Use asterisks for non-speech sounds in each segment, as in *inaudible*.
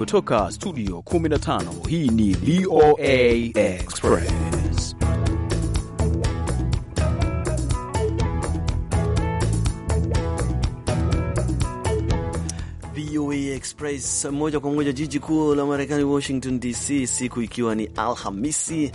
kutoka studio 15 hii ni VOA Express. VOA Express moja kwa moja jiji kuu la Marekani Washington DC, siku ikiwa ni Alhamisi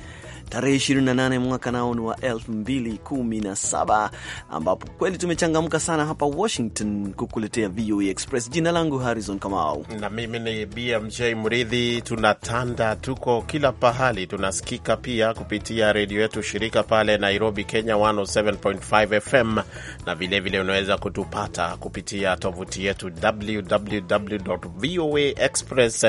tarehe 28 mwaka nao ni wa 2017 ambapo kweli tumechangamka sana hapa Washington kukuletea VOA e Express. Jina langu Harrison Kamau na mimi ni BMJ Mridhi. Tunatanda, tuko kila pahali, tunasikika pia kupitia redio yetu shirika pale Nairobi, Kenya 107.5 FM na vilevile unaweza kutupata kupitia tovuti yetu www voa e express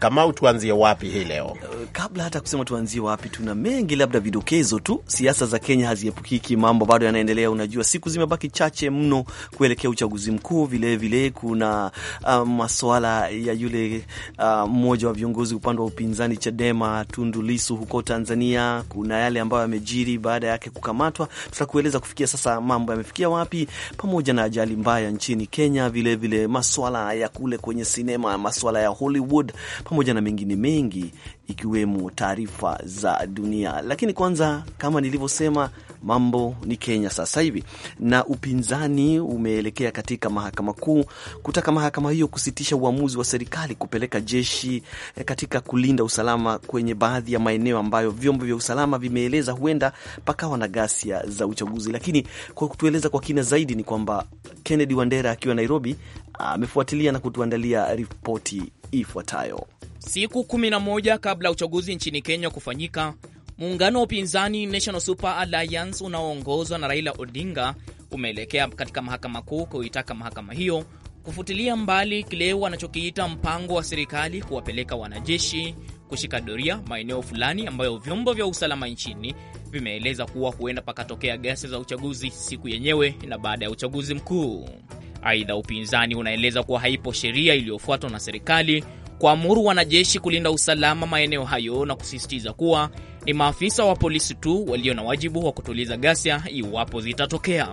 kama tuanzie wapi hii leo? Eh, kabla hata kusema tuanzie wapi, tuna mengi, labda vidokezo tu. Siasa za Kenya haziepukiki, mambo bado yanaendelea. Unajua, siku zimebaki chache mno kuelekea uchaguzi mkuu. Vilevile kuna ah, masuala ya yule ah, mmoja wa viongozi upande wa upinzani Chadema, Tundu Lisu huko Tanzania. Kuna yale ambayo yamejiri baada yake kukamatwa. Tutakueleza kufikia sasa mambo yamefikia wapi, pamoja na ajali mbaya nchini Kenya, vilevile maswala ya kule kwenye sinema, maswala ya ya Hollywood pamoja na mengine mengi ikiwemo taarifa za dunia. Lakini kwanza, kama nilivyosema, mambo ni Kenya sasa hivi, na upinzani umeelekea katika mahakama kuu kutaka mahakama hiyo kusitisha uamuzi wa serikali kupeleka jeshi eh, katika kulinda usalama kwenye baadhi ya maeneo ambayo vyombo vya usalama vimeeleza huenda pakawa na ghasia za uchaguzi. Lakini kwa kutueleza kwa kina zaidi ni kwamba Kennedy Wandera akiwa Nairobi amefuatilia na kutuandalia ripoti ifuatayo. Siku 11 kabla ya uchaguzi nchini Kenya kufanyika, muungano wa upinzani National Super Alliance unaoongozwa na Raila Odinga umeelekea katika mahakama kuu kuitaka mahakama hiyo kufutilia mbali kile wanachokiita mpango wa serikali kuwapeleka wanajeshi kushika doria maeneo fulani ambayo vyombo vya usalama nchini vimeeleza kuwa huenda pakatokea ghasia za uchaguzi siku yenyewe na baada ya uchaguzi mkuu. Aidha, upinzani unaeleza kuwa haipo sheria iliyofuatwa na serikali kuamuru wanajeshi kulinda usalama maeneo hayo na kusisitiza kuwa ni maafisa wa polisi tu walio na wajibu wa kutuliza ghasia iwapo zitatokea.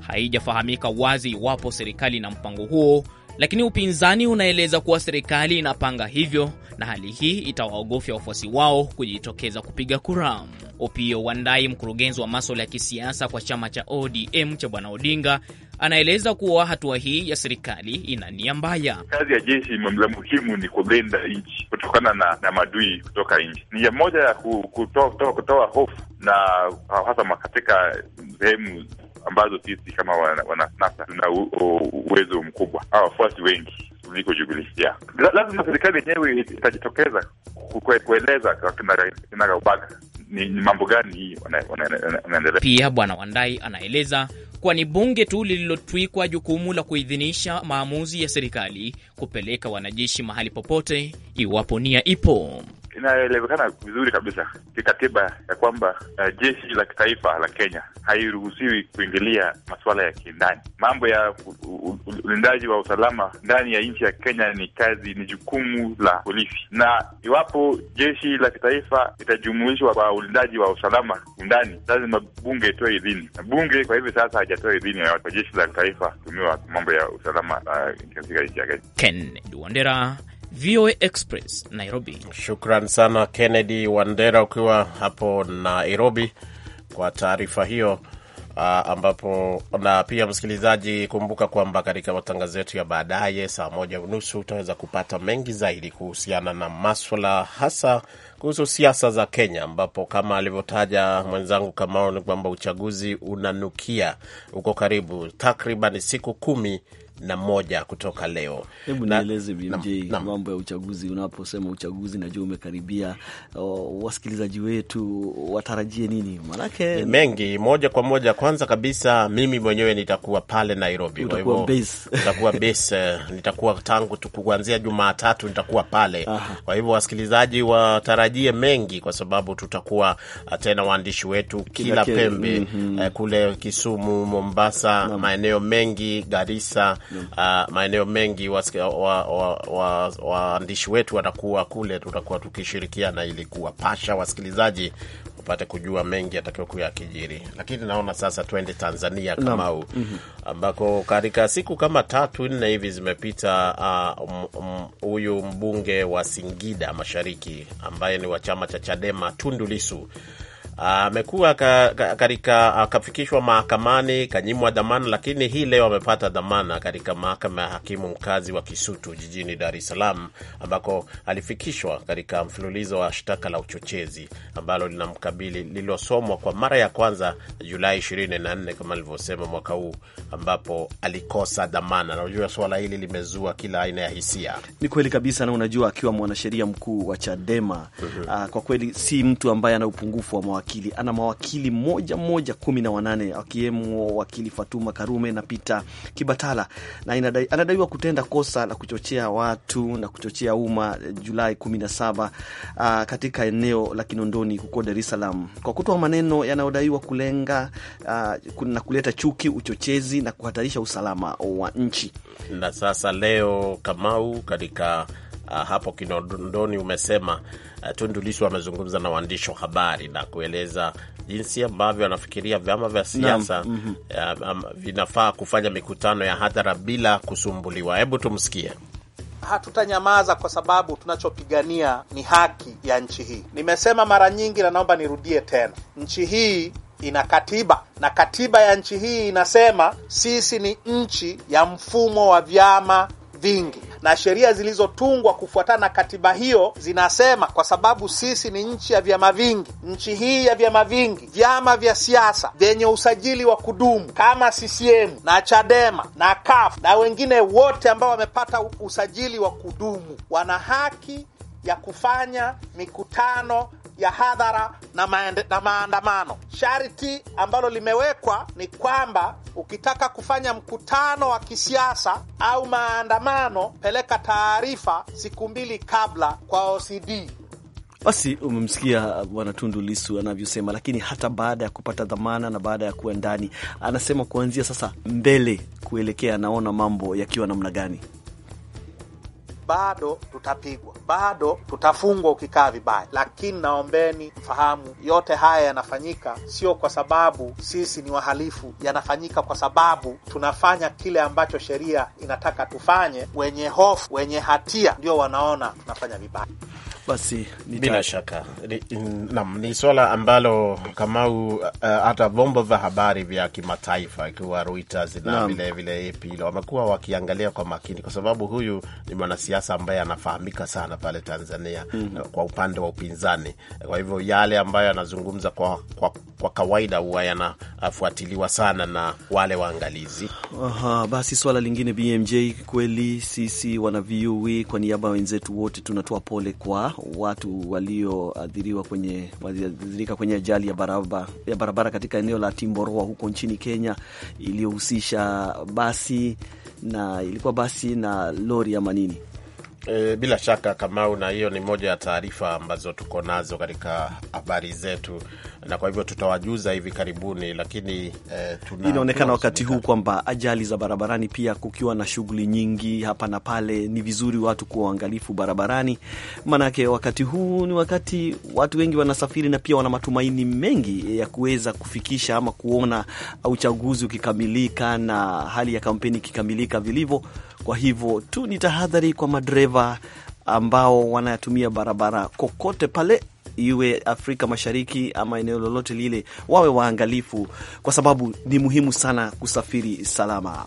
Haijafahamika wazi iwapo serikali na mpango huo lakini upinzani unaeleza kuwa serikali inapanga hivyo na hali hii itawaogofya wafuasi wao kujitokeza kupiga kura. Opio Wandai, mkurugenzi wa maswala ya kisiasa kwa chama cha ODM cha Bwana Odinga, anaeleza kuwa hatua hii ya serikali ina nia mbaya. Kazi ya jeshi la muhimu ni kulinda nchi kutokana na, na madui kutoka nchi. Nia moja ya kutoa hofu na hasa katika sehemu ambazo sisi kama wanasiasa tuna uwezo mkubwa au wafuasi wengi kuliko Jubilee. Lazima serikali yenyewe itajitokeza kueleza kinagaubaga ni mambo gani hii wanaendelea. Pia Bwana Wandai anaeleza kuwa ni bunge tu lililotwikwa jukumu la kuidhinisha maamuzi ya serikali kupeleka wanajeshi mahali popote iwapo nia ipo inaelewekana vizuri kabisa kikatiba ya kwamba uh, jeshi la kitaifa la Kenya hairuhusiwi kuingilia masuala ya kindani. Mambo ya ulindaji wa usalama ndani ya nchi ya Kenya ni kazi, ni jukumu la polisi, na iwapo jeshi la kitaifa litajumuishwa kwa ulindaji wa usalama ndani, lazima bunge itoe idhini, na bunge kwa hivi sasa hajatoa idhini kwa jeshi la kitaifa kutumiwa mambo ya usalama eh, katika nchi ya Kenya. Ken VOA Express Nairobi. Shukran sana Kennedy Wandera ukiwa hapo Nairobi kwa taarifa hiyo. Uh, ambapo na pia msikilizaji, kumbuka kwamba katika matangazo yetu ya baadaye saa moja unusu utaweza kupata mengi zaidi kuhusiana na maswala hasa kuhusu siasa za Kenya, ambapo kama alivyotaja mwenzangu Kamao ni kwamba uchaguzi unanukia, uko karibu, takriban siku kumi na moja kutoka leo. Hebu nieleze mambo ya uchaguzi. Unaposema uchaguzi, najua umekaribia, wasikilizaji wetu watarajie nini? Maanake ni mengi. Moja kwa moja, kwanza kabisa, mimi mwenyewe nitakuwa pale Nairobi, kwa hivyo *laughs* nitakuwa base, eh, nitakuwa tangu kuanzia Jumatatu nitakuwa pale. Aha. Kwa hivyo wasikilizaji watarajie mengi, kwa sababu tutakuwa eh, tena waandishi wetu kila, kila pembe, mm -hmm. kule Kisumu, Mombasa, maeneo mengi, Garissa uh, maeneo mengi waandishi wa, wa, wa, wetu watakuwa kule, tutakuwa tukishirikiana ili kuwapasha wasikilizaji pate kujua mengi kuya kijiri, lakini naona sasa twende Tanzania kama Kamau, mhm. ambako katika siku kama tatu nne hivi zimepita, ah, huyu uh, mbunge wa Singida Mashariki ambaye ni wa chama cha Chadema Tundu Lisu amekuwa katika akafikishwa uh, mahakamani kanyimwa dhamana, lakini hii leo amepata dhamana katika mahakama ya hakimu mkazi wa Kisutu jijini Dar es Salaam ambako alifikishwa katika mfululizo wa shtaka la uchochezi ambalo linamkabili lililosomwa kwa mara ya kwanza Julai 24 kama alivyosema mwaka huu, ambapo alikosa dhamana. Na unajua suala hili limezua kila aina ya hisia. Ni kweli kabisa, na unajua akiwa mwanasheria mkuu wa Chadema mm -hmm. Kwa kweli si mtu ambaye ana upungufu wa mawakili. Ana mawakili moja moja kumi na wanane akiwemo wakili Fatuma Karume na Peter Kibatala, na inadai, anadaiwa kutenda kosa la kuchochea watu na kuchochea umma Julai 17 uh, ah, katika eneo la Kinondoni huko Dar es Salaam kwa kutoa maneno yanayodaiwa kulenga uh, na kuleta chuki, uchochezi na kuhatarisha usalama wa nchi. Na sasa leo Kamau katika uh, hapo Kinondoni umesema uh, Tundu Lissu amezungumza na waandishi wa habari na kueleza jinsi ambavyo anafikiria vyama vya siasa mm -hmm. uh, um, vinafaa kufanya mikutano ya hadhara bila kusumbuliwa. Hebu tumsikie. Hatutanyamaza kwa sababu tunachopigania ni haki ya nchi hii. Nimesema mara nyingi na naomba nirudie tena, nchi hii ina katiba na katiba ya nchi hii inasema sisi ni nchi ya mfumo wa vyama vingi, na sheria zilizotungwa kufuatana na katiba hiyo zinasema, kwa sababu sisi ni nchi ya vyama vingi, nchi hii ya vyama vingi, vyama vya siasa vyenye usajili wa kudumu kama CCM na Chadema na CUF na wengine wote ambao wamepata usajili wa kudumu wana haki ya kufanya mikutano ya hadhara na, maende, na maandamano. Sharti ambalo limewekwa ni kwamba ukitaka kufanya mkutano wa kisiasa au maandamano, peleka taarifa siku mbili kabla kwa OCD. Basi umemsikia Bwana Tundu Lisu anavyosema, lakini hata baada ya kupata dhamana na baada ya kuwa ndani, anasema kuanzia sasa mbele kuelekea, anaona mambo yakiwa namna gani bado tutapigwa, bado tutafungwa ukikaa vibaya, lakini naombeni fahamu, yote haya yanafanyika sio kwa sababu sisi ni wahalifu, yanafanyika kwa sababu tunafanya kile ambacho sheria inataka tufanye. Wenye hofu, wenye hatia ndio wanaona tunafanya vibaya. Basi bila shaka naam, ni swala ambalo Kamau, eh, hata uh, vyombo vya habari vya kimataifa ikiwa Reuters na vilevile AP wamekuwa wakiangalia kwa makini, kwa sababu huyu ni mwanasiasa ambaye anafahamika sana pale Tanzania mm -hmm. kwa upande wa upinzani. Kwa hivyo yale ambayo anazungumza kwa, kwa, kwa kawaida huwa yanafuatiliwa sana na wale waangalizi. Aha, basi swala lingine BMJ, kweli sisi wana VOA e kwa niaba ya wenzetu wote tunatoa pole kwa watu walioathiriwa kwenye kwenye ajali ya barabara, ya barabara katika eneo la Timboroa huko nchini Kenya iliyohusisha basi na ilikuwa basi na lori ama nini. E, bila shaka Kamau, na hiyo ni moja ya taarifa ambazo tuko nazo katika habari zetu na kwa hivyo tutawajuza hivi karibuni, lakini eh, inaonekana wakati huu kwamba ajali za barabarani pia, kukiwa na shughuli nyingi hapa na pale, ni vizuri watu kuwa waangalifu barabarani, maanake wakati huu ni wakati watu wengi wanasafiri na pia wana matumaini mengi ya kuweza kufikisha ama kuona uchaguzi ukikamilika na hali ya kampeni ikikamilika vilivyo. Kwa hivyo tu ni tahadhari kwa madereva ambao wanayatumia barabara kokote pale iwe Afrika Mashariki ama eneo lolote lile, wawe waangalifu, kwa sababu ni muhimu sana kusafiri salama.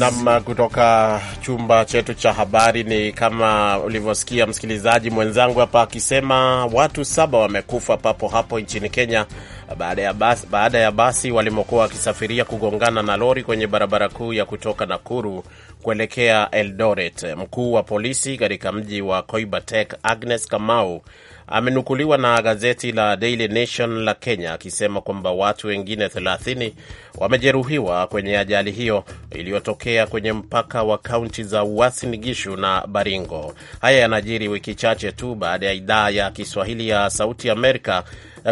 Nam kutoka chumba chetu cha habari. Ni kama ulivyosikia msikilizaji mwenzangu hapa akisema watu saba wamekufa papo hapo nchini Kenya baada ya basi, baada ya basi walimokuwa wakisafiria kugongana na lori kwenye barabara kuu ya kutoka Nakuru kuelekea Eldoret. Mkuu wa polisi katika mji wa Koibatek Agnes Kamau amenukuliwa na gazeti la Daily Nation la Kenya akisema kwamba watu wengine 30 wamejeruhiwa kwenye ajali hiyo iliyotokea kwenye mpaka wa kaunti za Uasin Gishu na Baringo. Haya yanajiri wiki chache tu baada ya idhaa ya Kiswahili ya Sauti Amerika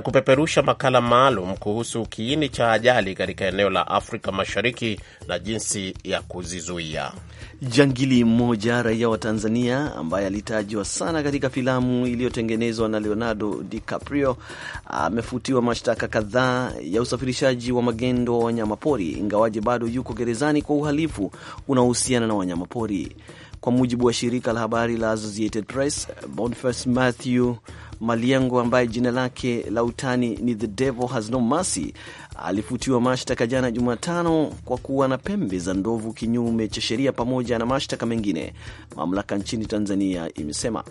kupeperusha makala maalum kuhusu kiini cha ajali katika eneo la Afrika Mashariki na jinsi ya kuzizuia. Jangili mmoja raia wa Tanzania ambaye alitajwa sana katika filamu iliyotengenezwa na Leonardo DiCaprio amefutiwa mashtaka kadhaa ya usafirishaji wa magendo wa wanyamapori, ingawaje bado yuko gerezani kwa uhalifu unaohusiana na wanyamapori. Kwa mujibu wa shirika la habari la Associated Press, Boniface Matthew Maliengo ambaye jina lake la utani ni The Devil Has No Mercy alifutiwa mashtaka jana Jumatano kwa kuwa na pembe za ndovu kinyume cha sheria, pamoja na mashtaka mengine, mamlaka nchini Tanzania imesema.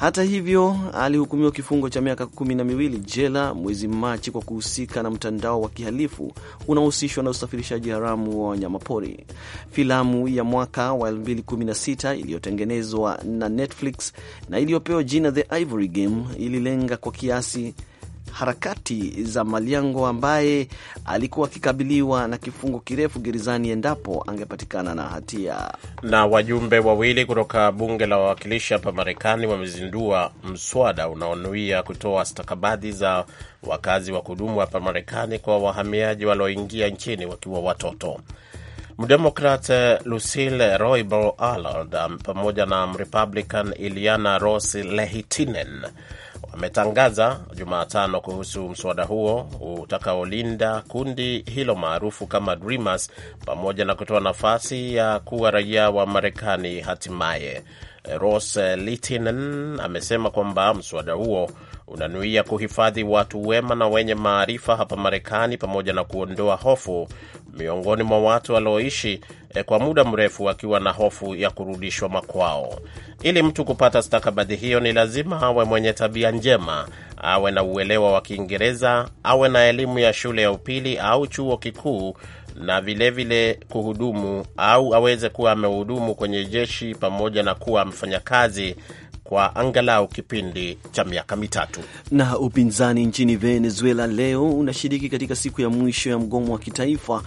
Hata hivyo, alihukumiwa kifungo cha miaka kumi na miwili jela mwezi Machi kwa kuhusika na mtandao wa kihalifu unaohusishwa na usafirishaji haramu wa wanyamapori. Filamu ya mwaka wa 2016 iliyotengenezwa na Netflix na iliyopewa jina The Ivory Game ililenga kwa kiasi harakati za Maliango ambaye alikuwa akikabiliwa na kifungo kirefu gerezani endapo angepatikana na hatia. Na wajumbe wawili kutoka bunge la wawakilishi hapa Marekani wamezindua mswada unaonuia kutoa stakabadhi za wakazi wa kudumu hapa Marekani kwa wahamiaji walioingia nchini wakiwa watoto. Mdemokrat eh, Lucille Roybal Allard eh, pamoja na Mrepublican Iliana Ross Lehitinen wametangaza Jumatano kuhusu mswada huo utakaolinda kundi hilo maarufu kama Dreamers pamoja na kutoa nafasi ya kuwa raia wa Marekani hatimaye. Ross Litinen amesema kwamba mswada huo unanuia kuhifadhi watu wema na wenye maarifa hapa Marekani pamoja na kuondoa hofu miongoni mwa watu walioishi eh, kwa muda mrefu wakiwa na hofu ya kurudishwa makwao. Ili mtu kupata stakabadhi hiyo, ni lazima awe mwenye tabia njema, awe na uelewa wa Kiingereza, awe na elimu ya shule ya upili au chuo kikuu na vilevile vile kuhudumu au aweze kuwa amehudumu kwenye jeshi pamoja na kuwa mfanyakazi kwa angalau kipindi cha miaka mitatu. Na upinzani nchini Venezuela leo unashiriki katika siku ya mwisho ya mgomo wa kitaifa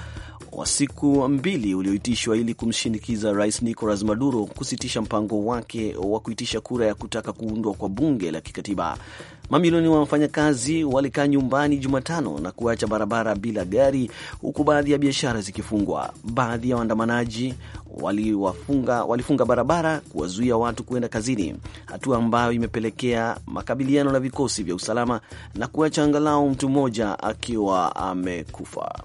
wa siku mbili ulioitishwa ili kumshinikiza Rais Nicolas Maduro kusitisha mpango wake wa kuitisha kura ya kutaka kuundwa kwa bunge la kikatiba. Mamilioni wa wafanyakazi walikaa nyumbani Jumatano na kuacha barabara bila gari, huku baadhi ya biashara zikifungwa. Baadhi ya waandamanaji walifunga walifunga barabara kuwazuia watu kuenda kazini, hatua ambayo imepelekea makabiliano na vikosi vya usalama na kuacha angalau mtu mmoja akiwa amekufa.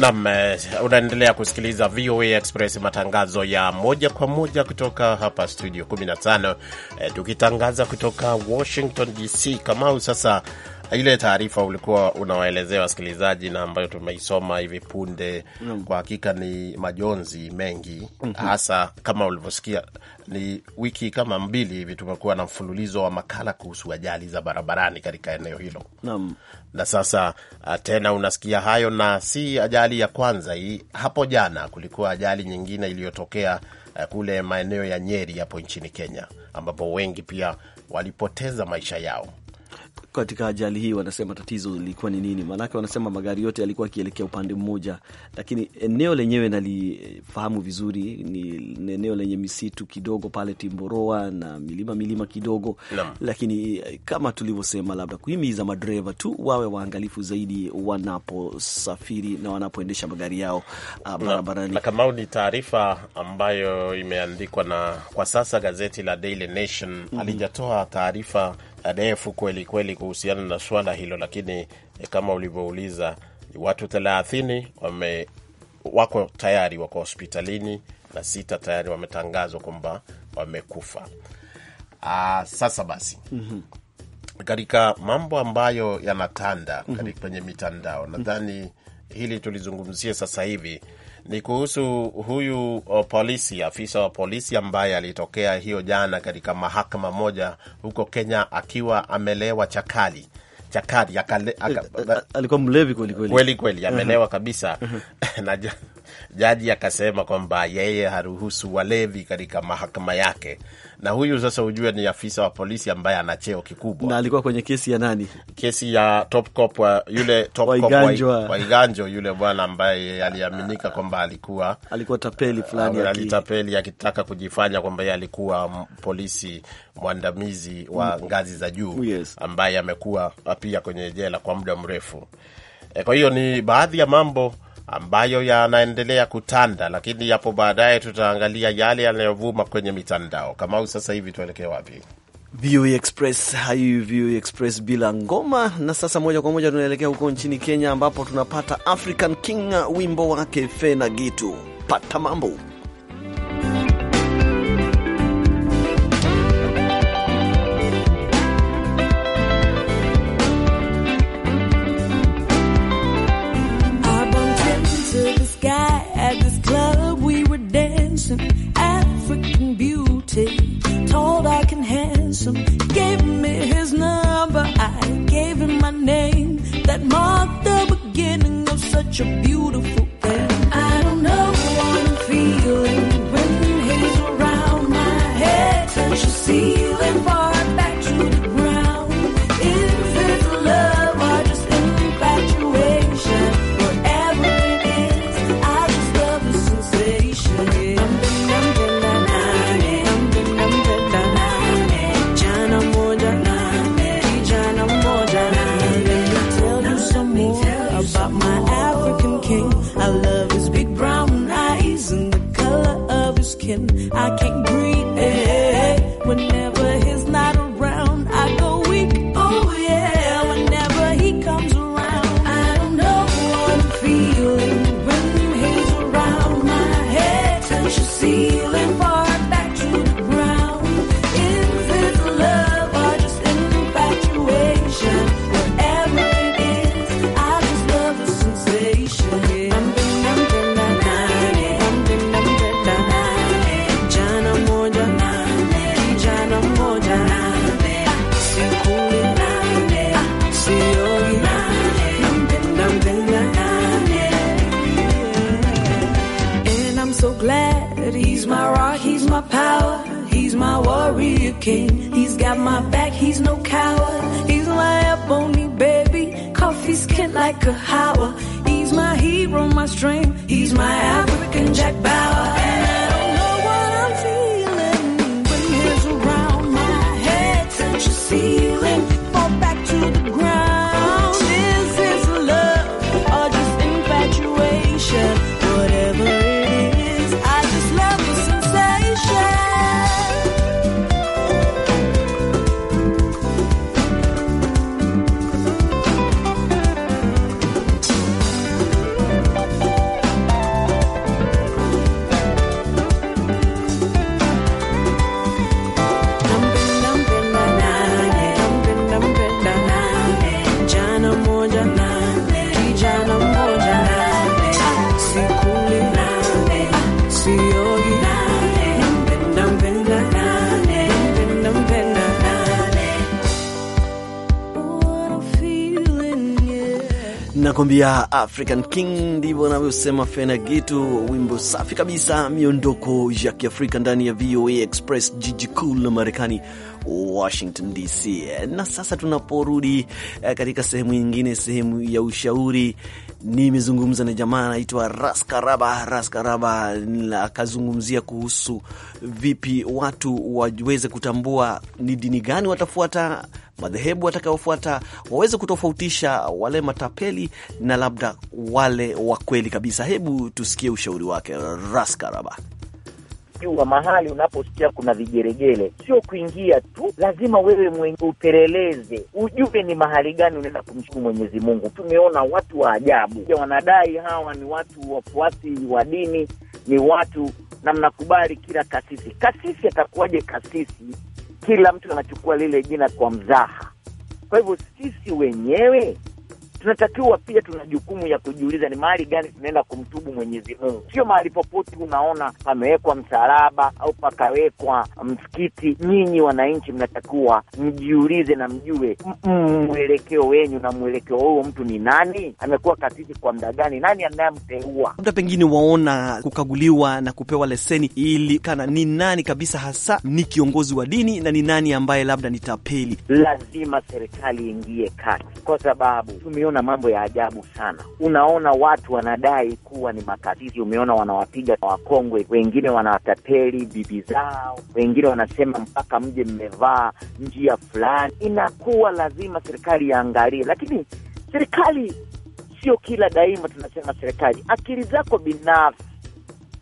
Nam, eh, unaendelea kusikiliza VOA Express, matangazo ya moja kwa moja kutoka hapa studio 15, e, eh, tukitangaza kutoka Washington DC. Kamau, sasa ile taarifa ulikuwa unawaelezea wasikilizaji na ambayo tumeisoma hivi punde mm. Kwa hakika ni majonzi mengi mm -hmm. Hasa kama ulivyosikia, ni wiki kama mbili hivi tumekuwa na mfululizo wa makala kuhusu ajali za barabarani katika eneo hilo mm. Na sasa ah, tena unasikia hayo, na si ajali ya kwanza hii. Hapo jana kulikuwa ajali nyingine iliyotokea ah, kule maeneo ya Nyeri hapo nchini Kenya, ambapo wengi pia walipoteza maisha yao katika ajali hii wanasema tatizo lilikuwa ni nini? Maanake wanasema magari yote yalikuwa akielekea upande mmoja, lakini eneo lenyewe nalifahamu vizuri, ni eneo lenye misitu kidogo pale Timboroa na milima milima kidogo no. Lakini eh, kama tulivyosema, labda kuhimiza madereva tu wawe waangalifu zaidi wanaposafiri na wanapoendesha magari yao ah, barabarani. Na Kamau, ni taarifa ambayo imeandikwa na kwa sasa gazeti la Daily Nation mm mm-hmm. -hmm. alijatoa taarifa refu kweli kweli kuhusiana na swala hilo, lakini eh, kama ulivyouliza, watu thelathini wame wako tayari wako hospitalini na sita tayari wametangazwa kwamba wamekufa. Aa, ah, sasa basi mm -hmm. katika mambo ambayo yanatanda mm -hmm. kwenye mitandao nadhani mm -hmm. hili tulizungumzie sasa hivi ni kuhusu huyu uh, polisi, afisa wa polisi ambaye alitokea hiyo jana katika mahakama moja huko Kenya akiwa amelewa chakali chakari eh, eh, eh, alikuwa mlevi kweli kweli, uh-huh. amelewa kabisa uh-huh. *laughs* na jaji akasema kwamba yeye haruhusu walevi katika mahakama yake na huyu sasa ujue ni afisa wa polisi ambaye ana cheo kikubwa, na alikuwa kwenye kesi ya nani? Kesi ya wa yule wa Waiganjo, yule bwana ambaye aliaminika kwamba alikuwa alikuwa tapeli fulani, alitapeli akitaka kujifanya kwamba yeye alikuwa polisi mwandamizi wa mm. ngazi za juu oh, yes, ambaye amekuwa pia kwenye jela kwa muda mrefu. E, kwa hiyo ni baadhi ya mambo ambayo yanaendelea kutanda, lakini yapo baadaye tutaangalia yale yanayovuma kwenye mitandao. kama au sasa hivi tuelekee wapi? VOA Express hayu VOA Express bila ngoma. Na sasa moja kwa moja tunaelekea huko nchini Kenya, ambapo tunapata African King, wimbo wake Fena Gitu. Pata mambo some African. anakuambia African King, ndivyo anavyosema Fena Gitu, wimbo safi kabisa, miondoko ya Kiafrika ndani ya VOA Express, jiji kuu la Marekani, Washington DC. Na sasa tunaporudi eh, katika sehemu nyingine, sehemu ya ushauri, nimezungumza na jamaa anaitwa Raskaraba. Raskaraba akazungumzia kuhusu vipi watu waweze kutambua ni dini gani watafuata madhehebu watakayofuata waweze kutofautisha wale matapeli na labda wale wa kweli kabisa. Hebu tusikie ushauri wake Raskaraba. Jua mahali unaposikia kuna vigeregele, sio kuingia tu, lazima wewe mwenye upeleleze, ujue ni mahali gani unaenda kumshukuru Mwenyezi Mungu. Tumeona watu wa ajabu, wanadai hawa ni watu wafuasi wa dini, ni watu na mnakubali kila kasisi. Kasisi atakuwaje kasisi kila mtu anachukua lile jina kwa mzaha. Kwa hivyo sisi wenyewe tunatakiwa pia, tuna jukumu ya kujiuliza ni mahali gani tunaenda kumtubu Mwenyezi Mungu. Sio mahali popote unaona pamewekwa msalaba au pakawekwa msikiti. Nyinyi wananchi, mnatakiwa mjiulize na mjue mwelekeo wenyu, na mwelekeo huo mtu ni nani, amekuwa katiki kwa muda gani, nani anayemteua. Labda pengine waona kukaguliwa na kupewa leseni ili kana ni nani kabisa hasa ni kiongozi wa dini na ni nani ambaye labda nitapeli. Lazima serikali iingie kati, kwa sababu umeona mambo ya ajabu sana. Unaona watu wanadai kuwa ni makatili, umeona wanawapiga wakongwe, wengine wanawatapeli bibi zao, wengine wanasema mpaka mje mmevaa njia fulani. Inakuwa lazima serikali iangalie, lakini serikali sio kila daima tunasema serikali. Akili zako binafsi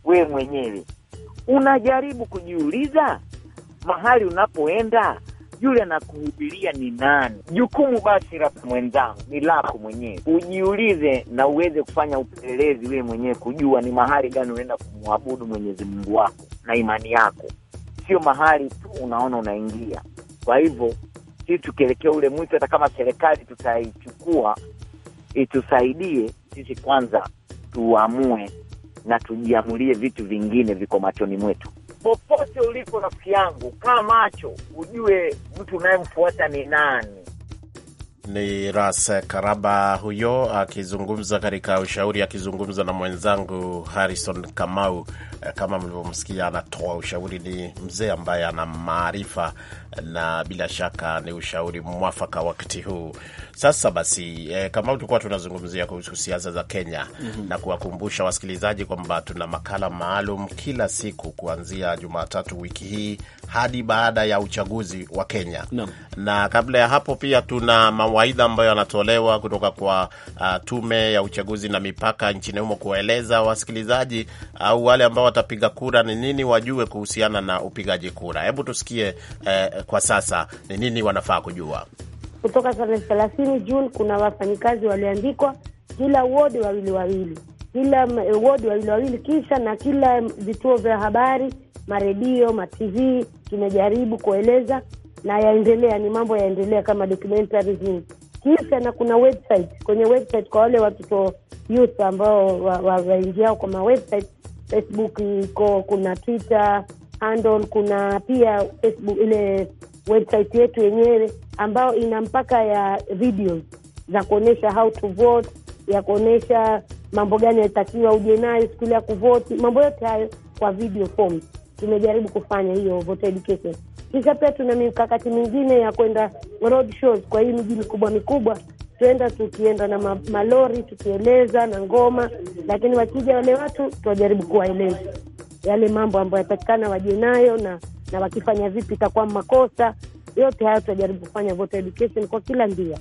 wewe mwenyewe unajaribu kujiuliza mahali unapoenda yule anakuhubiria ni nani? Jukumu basi la mwenzangu ni lako mwenyewe, ujiulize na uweze kufanya upelelezi wewe mwenyewe kujua ni mahali gani unaenda kumwabudu Mwenyezi Mungu wako na imani yako, sio mahali tu unaona unaingia. Kwa hivyo sisi tukielekea ule mwito, hata kama serikali tutaichukua itusaidie sisi, kwanza tuamue na tujiamulie vitu vingine viko machoni mwetu popote ulipo, rafiki yangu, kaa macho, ujue mtu unayemfuata ni nani. Ni Ras Karaba huyo akizungumza katika ushauri, akizungumza na mwenzangu Harrison Kamau. Eh, kama mlivyomsikia, anatoa ushauri, ni mzee ambaye ana maarifa na bila shaka ni ushauri mwafaka wakati huu. Sasa basi, eh, kama tulikuwa tunazungumzia kuhusu siasa za Kenya mm -hmm. na kuwakumbusha wasikilizaji kwamba tuna makala maalum kila siku kuanzia Jumatatu wiki hii hadi baada ya uchaguzi wa Kenya no. na kabla ya hapo pia tuna mawaidha ambayo yanatolewa kutoka kwa uh, tume ya uchaguzi na mipaka nchini humo kuwaeleza wasikilizaji au uh, wale ambao watapiga kura ni nini wajue kuhusiana na upigaji kura. Hebu tusikie eh, kwa sasa ni nini wanafaa kujua? Kutoka tarehe thelathini Juni kuna wafanyikazi walioandikwa kila wodi wawili wawili, kila eh, wodi wawili wawili, kisha na kila vituo vya habari, maredio, matv kinajaribu kueleza na yaendelea, ni mambo yaendelea kama hii. Kisha na kuna website, kwenye website kwa wale watoto youth ambao waingiao wa, wa, kwa ma Facebook iko, kuna Twitter Andon, kuna pia Facebook, ile website yetu yenyewe ambayo ina mpaka ya videos za kuonyesha how to vote, ya kuonyesha mambo gani yatakiwa uje nayo siku ile ya kuvoti, mambo yote hayo kwa video form. Tumejaribu kufanya hiyo voter education. Kisha pia tuna mikakati mingine ya kwenda road shows kwa hii miji mikubwa mikubwa, tuenda tukienda na malori tukieleza na ngoma, lakini wakija wale watu tuwajaribu kuwaeleza yale mambo ambayo yatakikana waje nayo na na wakifanya vipi itakuwa makosa. Yote haya tutajaribu kufanya voter education kwa kila njia.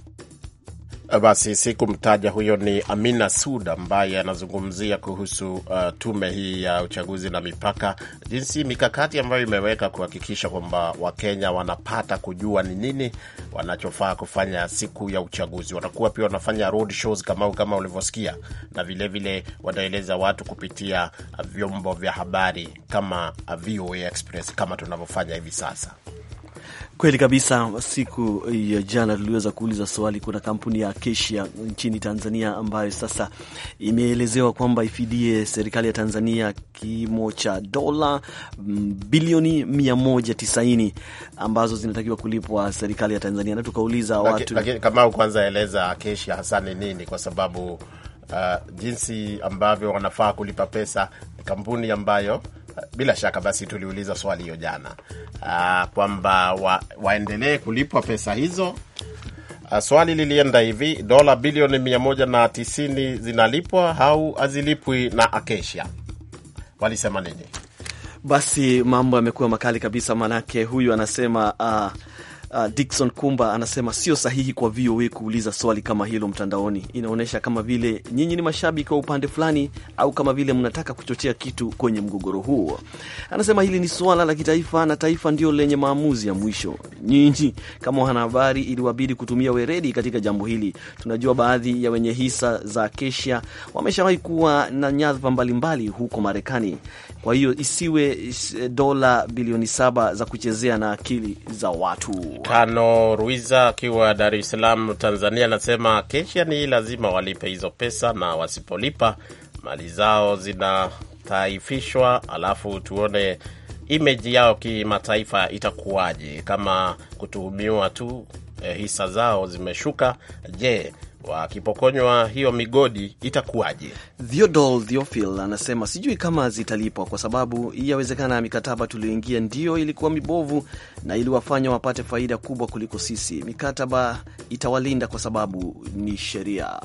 Eh, basi sikumtaja, huyo ni Amina Sud ambaye anazungumzia kuhusu uh, tume hii ya uchaguzi na mipaka, jinsi mikakati ambayo imeweka kuhakikisha kwamba Wakenya wanapata kujua ni nini wanachofaa kufanya siku ya uchaguzi. Watakuwa pia wanafanya road shows kama kama ulivyosikia, na vilevile wanaeleza watu kupitia eh, vyombo vya habari kama VOA Express kama tunavyofanya hivi sasa. Kweli kabisa. Siku ya jana tuliweza kuuliza swali, kuna kampuni ya Acacia nchini Tanzania ambayo sasa imeelezewa kwamba ifidie serikali ya Tanzania kimo cha dola mm, bilioni 190 ambazo zinatakiwa kulipwa serikali ya Tanzania, na tukauliza watu... Lakini kama kwanza eleza Acacia hasa ni nini, kwa sababu uh, jinsi ambavyo wanafaa kulipa pesa, kampuni ambayo bila shaka basi tuliuliza swali hiyo jana ah, kwamba wa, waendelee kulipwa pesa hizo. Ah, swali lilienda hivi, dola bilioni 190 zinalipwa au hazilipwi na Acacia? Walisema nini? Basi mambo yamekuwa makali kabisa, manake huyu anasema uh, Uh, Dickson Kumba anasema sio sahihi kwa VOA kuuliza swali kama hilo mtandaoni. Inaonyesha kama vile nyinyi ni mashabiki wa upande fulani au kama vile mnataka kuchochea kitu kwenye mgogoro huo. Anasema hili ni swala la kitaifa na taifa ndio lenye maamuzi ya mwisho. Nyinyi kama wanahabari iliwabidi kutumia weredi katika jambo hili. Tunajua baadhi ya wenye hisa za Acacia wameshawahi kuwa na nyadhifa mbalimbali huko Marekani. Kwa hiyo isiwe eh, dola bilioni saba za kuchezea na akili za watu. Kano Ruiza akiwa Dar es Salaam, Tanzania, anasema kesha ni lazima walipe hizo pesa, na wasipolipa mali zao zinataifishwa, alafu tuone imeji yao kimataifa itakuwaje kama kutuhumiwa tu eh, hisa zao zimeshuka. Je, wakipokonywa hiyo migodi itakuwaje? Theodol Theophil anasema sijui kama zitalipwa, kwa sababu yawezekana ya mikataba tuliyoingia ndiyo ilikuwa mibovu na iliwafanya wapate faida kubwa kuliko sisi. Mikataba itawalinda kwa sababu ni sheria.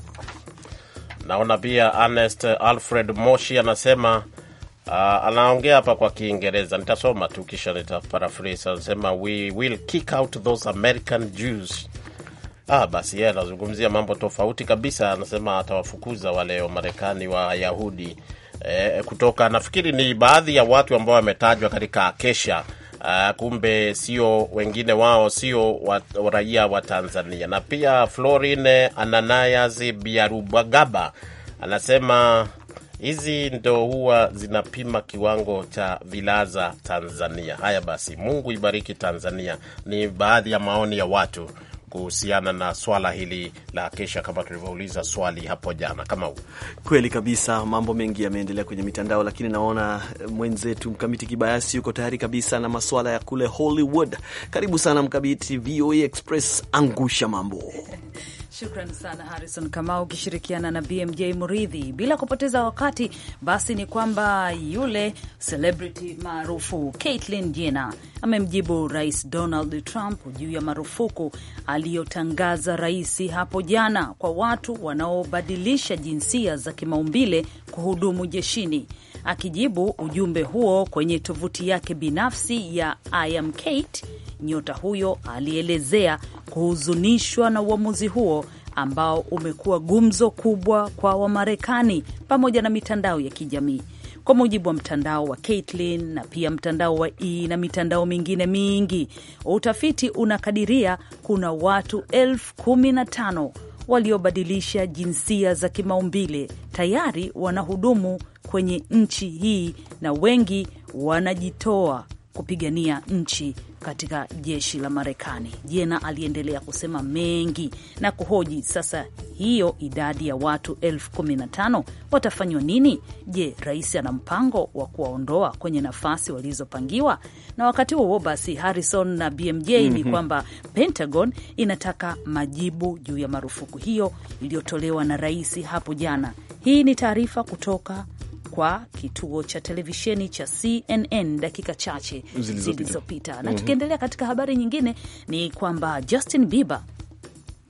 Naona pia Ernest Alfred Moshi anasema Uh, anaongea hapa kwa Kiingereza, nitasoma tu kisha nitaparaphrase. Anasema we will kick out those American Jews Ah, basi yeye anazungumzia mambo tofauti kabisa. Anasema atawafukuza wale Wamarekani wa Yahudi eh, kutoka nafikiri ni baadhi ya watu ambao wametajwa katika kesha Uh, kumbe sio wengine wao sio raia wa Tanzania. Na pia Florine Ananias Biarubagaba anasema hizi ndo huwa zinapima kiwango cha vilaza Tanzania. Haya basi, Mungu ibariki Tanzania, ni baadhi ya maoni ya watu kuhusiana na swala hili la kesha, kama tulivyouliza swali hapo jana. Kama huu kweli kabisa, mambo mengi yameendelea kwenye mitandao, lakini naona eh, mwenzetu Mkamiti Kibayasi yuko tayari kabisa na maswala ya kule Hollywood. Karibu sana Mkamiti, VOA Express, angusha mambo *laughs* Shukran sana Harrison Kamau ukishirikiana na BMJ Muridhi. Bila kupoteza wakati, basi ni kwamba yule celebrity maarufu Caitlyn Jenner amemjibu Rais Donald Trump juu ya marufuku aliyotangaza rais hapo jana kwa watu wanaobadilisha jinsia za kimaumbile kuhudumu jeshini. Akijibu ujumbe huo kwenye tovuti yake binafsi ya I am Kate Nyota huyo alielezea kuhuzunishwa na uamuzi huo ambao umekuwa gumzo kubwa kwa Wamarekani pamoja na mitandao ya kijamii. Kwa mujibu wa mtandao wa Caitlin na pia mtandao wa E na mitandao mingine mingi, utafiti unakadiria kuna watu elfu kumi na tano waliobadilisha jinsia za kimaumbile tayari wanahudumu kwenye nchi hii na wengi wanajitoa kupigania nchi katika jeshi la Marekani. Jena aliendelea kusema mengi na kuhoji sasa, hiyo idadi ya watu elfu kumi na tano watafanywa nini? Je, rais ana mpango wa kuwaondoa kwenye nafasi walizopangiwa? Na wakati huo basi, Harrison na BMJ mm -hmm. ni mhm. kwamba Pentagon inataka majibu juu ya marufuku hiyo iliyotolewa na rais hapo jana. Hii ni taarifa kutoka kwa kituo cha televisheni cha CNN dakika chache zilizopita. Na mhm. tukiendelea katika habari nyingine ni kwamba Justin Bieber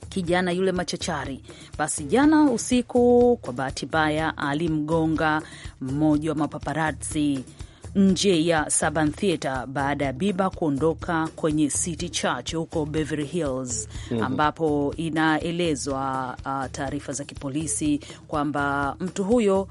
kijana yule machachari basi, jana usiku kwa bahati mbaya alimgonga mmoja wa mapaparazi nje ya Saban Theater baada ya Biba kuondoka kwenye City Church huko Beverly Hills, mhm. ambapo inaelezwa uh, taarifa za kipolisi kwamba mtu huyo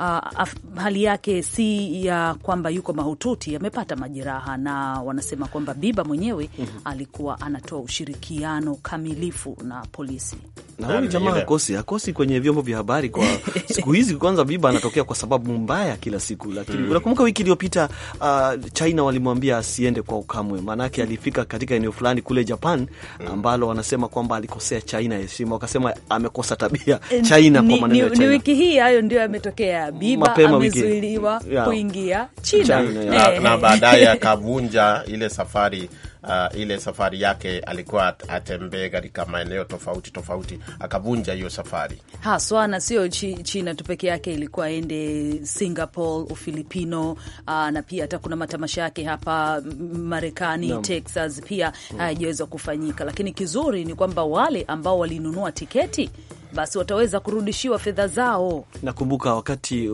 uh, hali yake si ya kwamba yuko mahututi, amepata majeraha, na wanasema kwamba Biba mwenyewe mm -hmm. alikuwa anatoa ushirikiano kamilifu na polisi na huyu jamaa akosi akosi kwenye vyombo vya habari kwa *laughs* siku hizi. Kwanza Biba anatokea kwa sababu mbaya kila siku, lakini mm. unakumbuka wiki iliyopita uh, China walimwambia asiende kwa ukamwe, maanake alifika katika eneo fulani kule Japan hmm. ambalo wanasema kwamba alikosea China heshima, wakasema amekosa tabia eh, China kwa maneno ya China. Ni wiki hii hayo ndio yametokea. Habiba amezuiliwa yeah, kuingia China, China yeah. na, na eh. baadaye *laughs* akavunja ile safari uh, ile safari yake alikuwa atembee katika maeneo tofauti tofauti, akavunja hiyo safari haswa, na sio China tu peke yake, ilikuwa aende Singapore, Ufilipino, uh, na pia hata kuna matamasha yake hapa Marekani no. Texas pia mm. hayajaweza mm. kufanyika, lakini kizuri ni kwamba wale ambao walinunua tiketi basi wataweza kurudishiwa fedha zao. Nakumbuka wakati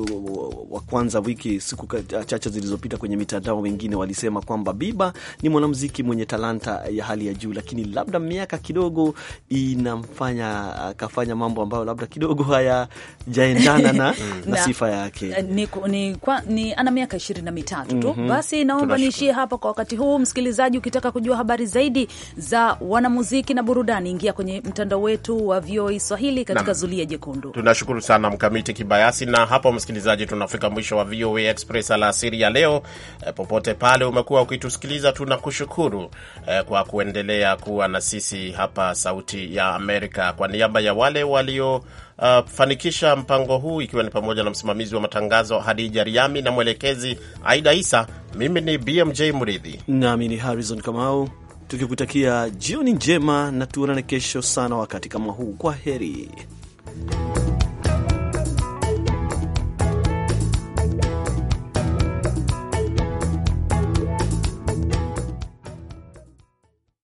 wa kwanza wiki, siku chache zilizopita, kwenye mitandao wengine walisema kwamba Biba ni mwanamuziki mwenye mwenye talanta ya hali ya juu, lakini labda miaka kidogo inamfanya akafanya mambo ambayo labda kidogo hayajaendana na, *laughs* mm. na sifa yake. Eh, ni, ni, kwa, ni ana miaka ishirini na mitatu tu. mm -hmm. Basi naomba niishie hapa kwa wakati huu. Msikilizaji, ukitaka kujua habari zaidi za wanamuziki na burudani, ingia kwenye mtandao wetu wa VOA Swahili katika na, zulia jekundu. Tunashukuru sana Mkamiti Kibayasi, na hapo msikilizaji, tunafika mwisho wa VOA Express alasiri ya leo. Eh, popote pale umekuwa ukitusikiliza, tunakushukuru eh, kwa kuendelea kuwa na sisi hapa Sauti ya Amerika. Kwa niaba ya wale waliofanikisha eh, uh, mpango huu, ikiwa ni pamoja na msimamizi wa matangazo Hadija Riami na mwelekezi Aida Isa, mimi ni BMJ Mridhi nami ni Harrison Kamau, tukikutakia jioni njema na tuonane kesho sana wakati kama huu. Kwa heri.